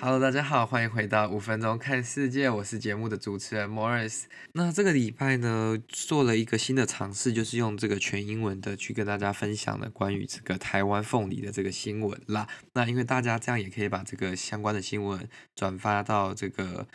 Hello，大家好，歡迎回到五分鐘看世界，我是節目的主持人 Morris。那這個禮拜呢，做了一個新的嘗試，就是用這個全英文的去跟大家分享了關於這個台灣鳳梨的這個新聞啦。那因為大家這樣也可以把這個相關的新聞轉發到這個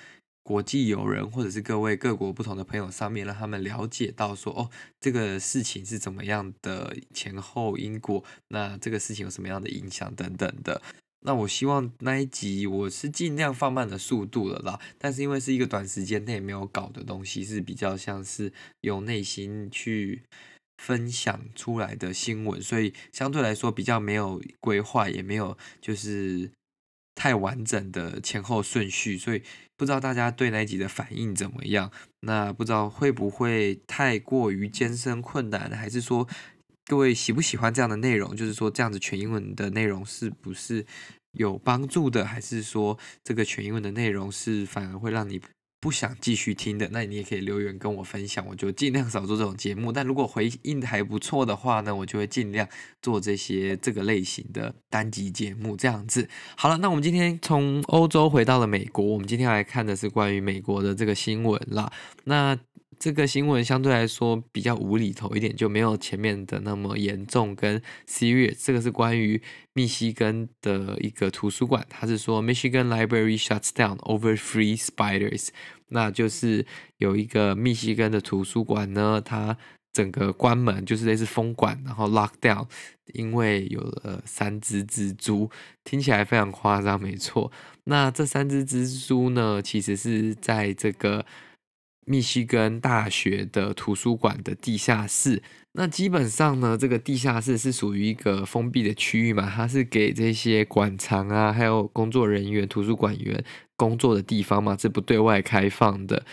國際友人或者是各位各國不同的朋友上面，讓他們了解到說哦，這個事情是怎麼樣的前後因果，那這個事情有什麼樣的影響等等的。那我希望那一集我是盡量放慢的速度了啦，但是因為是一個短時間內沒有搞的東西，是比較像是用內心去分享出來的新聞，所以相對來說比較沒有規劃，也沒有就是太完整的前後順序，所以不知道大家對那一集的反應怎麼樣？那不知道會不會太過於艱深困難，還是說？各位喜不喜歡這樣的內容？就是說，這樣子全英文的內容是不是有幫助的？還是說，這個全英文的內容是反而會讓你不想繼續聽的？那你也可以留言跟我分享，我就盡量少做這種節目。但如果回應的還不錯的話呢，我就會盡量做這些這個類型的單集節目。這樣子好了，那我們今天從歐洲回到了美國，我們今天來看的是關於美國的這個新聞啦。那。這個新聞相對來說比較無厘頭一點，就沒有前面的那麼嚴重，跟 serious。這個是關於密西根的一個圖書館，它是說 Michigan Library shuts down over three spiders。那就是有一個密西根的圖書館呢，它整個關門，就是類似封館，然後 lock down，因為有了三只蜘蛛，聽起來非常誇張，沒錯。那這三只蜘蛛呢，其實是在這個。密西根大學的圖書館的地下室，那基本上呢，這個地下室是屬於一個封閉的區域嘛，它是給這些館藏啊，還有工作人員、圖書館員工作的地方嘛，這不對外開放的。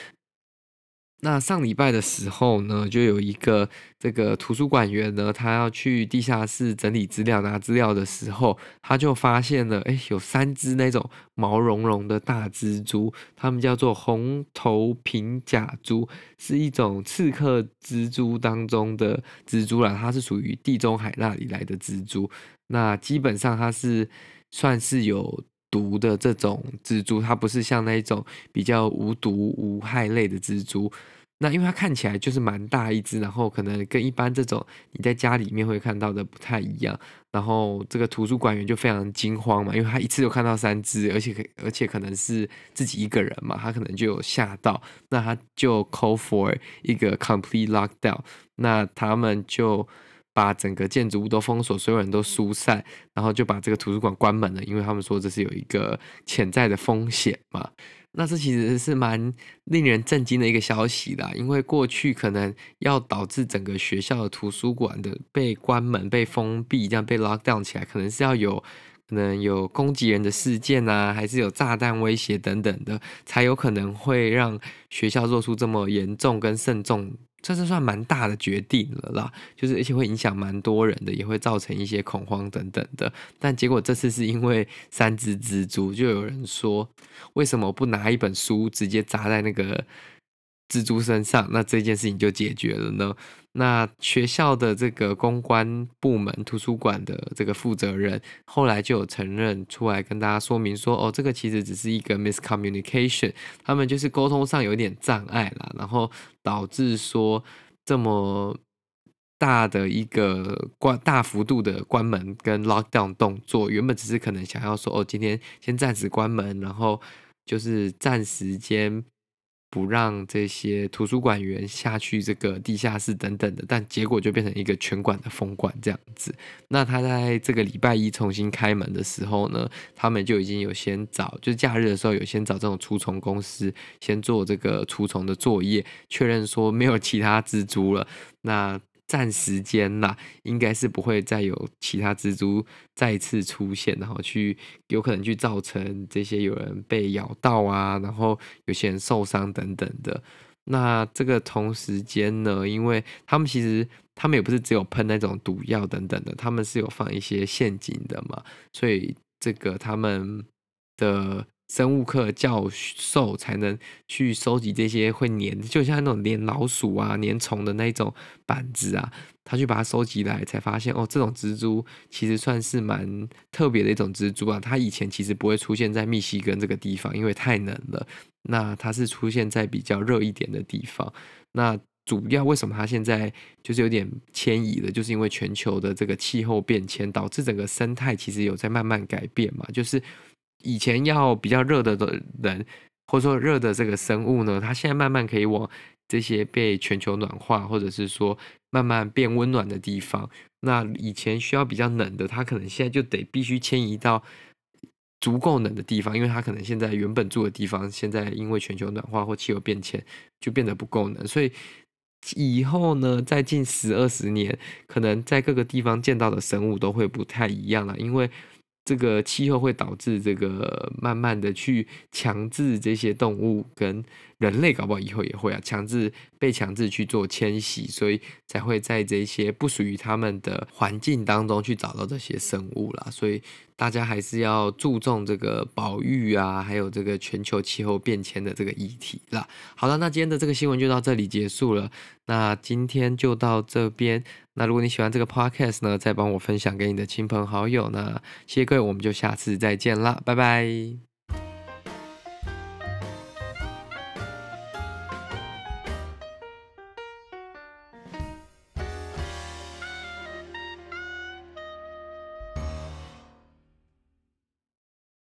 那上禮拜的時候呢，就有一個這個圖書館員呢，他要去地下室整理資料，拿資料的時候，他就發現了，誒，有三隻那種毛茸茸的大蜘蛛，它們叫做紅頭平甲蛛，是一種刺客蜘蛛當中的蜘蛛啦，它是屬於地中海那裡來的蜘蛛，那基本上它是算是有。毒的這種蜘蛛，它不是像那種比較無毒無害類的蜘蛛。那因為它看起來就是蠻大一隻，然後可能跟一般這種你在家裡面會看到的不太一樣。然後這個圖書館員就非常驚慌嘛，因為他一次就看到三隻，而且可而且可能是自己一個人嘛，他可能就有嚇到。那他就 call for 一個 complete lockdown，那他們就。把整個建築物都封鎖，所有人都疏散，然後就把這個圖書館關門了，因為他們說這是有一個潛在的風險嘛。那這其實是蠻令人震驚的一個消息的，因為過去可能要導致整個學校的圖書館的被關門、被封閉、這樣被 lock down 起來，可能是要有可能有攻擊人的事件啊，還是有炸彈威脅等等的，才有可能會讓學校做出這麼嚴重跟慎重。這次算蠻大的決定了啦，就是而且會影響蠻多人的，也會造成一些恐慌等等的。但結果這次是因為三隻蜘蛛，就有人說為什麼不拿一本書直接砸在那個蜘蛛身上，那這件事情就解決了呢。那學校的這個公關部門、圖書館的這個負責人，後來就有承認出來跟大家說明說，哦，這個其實只是一個 miscommunication，他們就是溝通上有點障礙啦，然後導致說這麼大的一個關、大幅度的關門跟 lockdown 動作，原本只是可能想要說，哦，今天先暫時關門，然後就是暫時間。不讓這些圖書館員下去這個地下室等等的，但結果就變成一個全館的封館這樣子。那他在這個禮拜一重新開門的時候呢，他們就已經有先找，就假日的時候有先找這種除蟲公司，先做這個除蟲的作業，確認說沒有其他蜘蛛了。那。暫時間啦，應該是不會再有其他蜘蛛再次出現，然後去有可能去造成這些有人被咬到啊，然後有些人受傷等等的。那這個同時間呢，因為他們其實他們也不是只有噴那種毒藥等等的，他們是有放一些陷阱的嘛，所以這個他們的。生物課教授才能去收集這些會粘，就像那種粘老鼠啊、粘蟲的那一種板子啊，他去把它收集來，才發現哦，這種蜘蛛其實算是蠻特別的一種蜘蛛啊。它以前其實不會出現在密西根這個地方，因為太冷了。那它是出現在比較熱一點的地方。那主要為什麼它現在就是有點遷移了，就是因為全球的這個氣候變遷導致整個生態其實有在慢慢改變嘛，就是。以前要比較熱的的人，或者說熱的這個生物呢，它現在慢慢可以往這些被全球暖化，或者是說慢慢變溫暖的地方。那以前需要比較冷的，它可能現在就得必須遷移到足夠冷的地方，因為它可能現在原本住的地方，現在因為全球暖化或氣候變遷，就變得不夠冷。所以以後呢，在近十、二十年，可能在各個地方見到的生物都會不太一樣了，因為。這個氣候會導致這個慢慢的去強制這些動物跟。人類搞不好以後也會啊，強制被強制去做遷徙，所以才會在這些不屬於他們的環境當中去找到這些生物啦。所以大家還是要注重這個保育啊，還有這個全球氣候變遷的這個議題啦。好了，那今天的這個新聞就到這裡結束了。那今天就到這邊。那如果你喜歡這個 podcast 呢，再幫我分享給你的親朋好友呢。那謝謝各位，我們就下次再見啦，拜拜。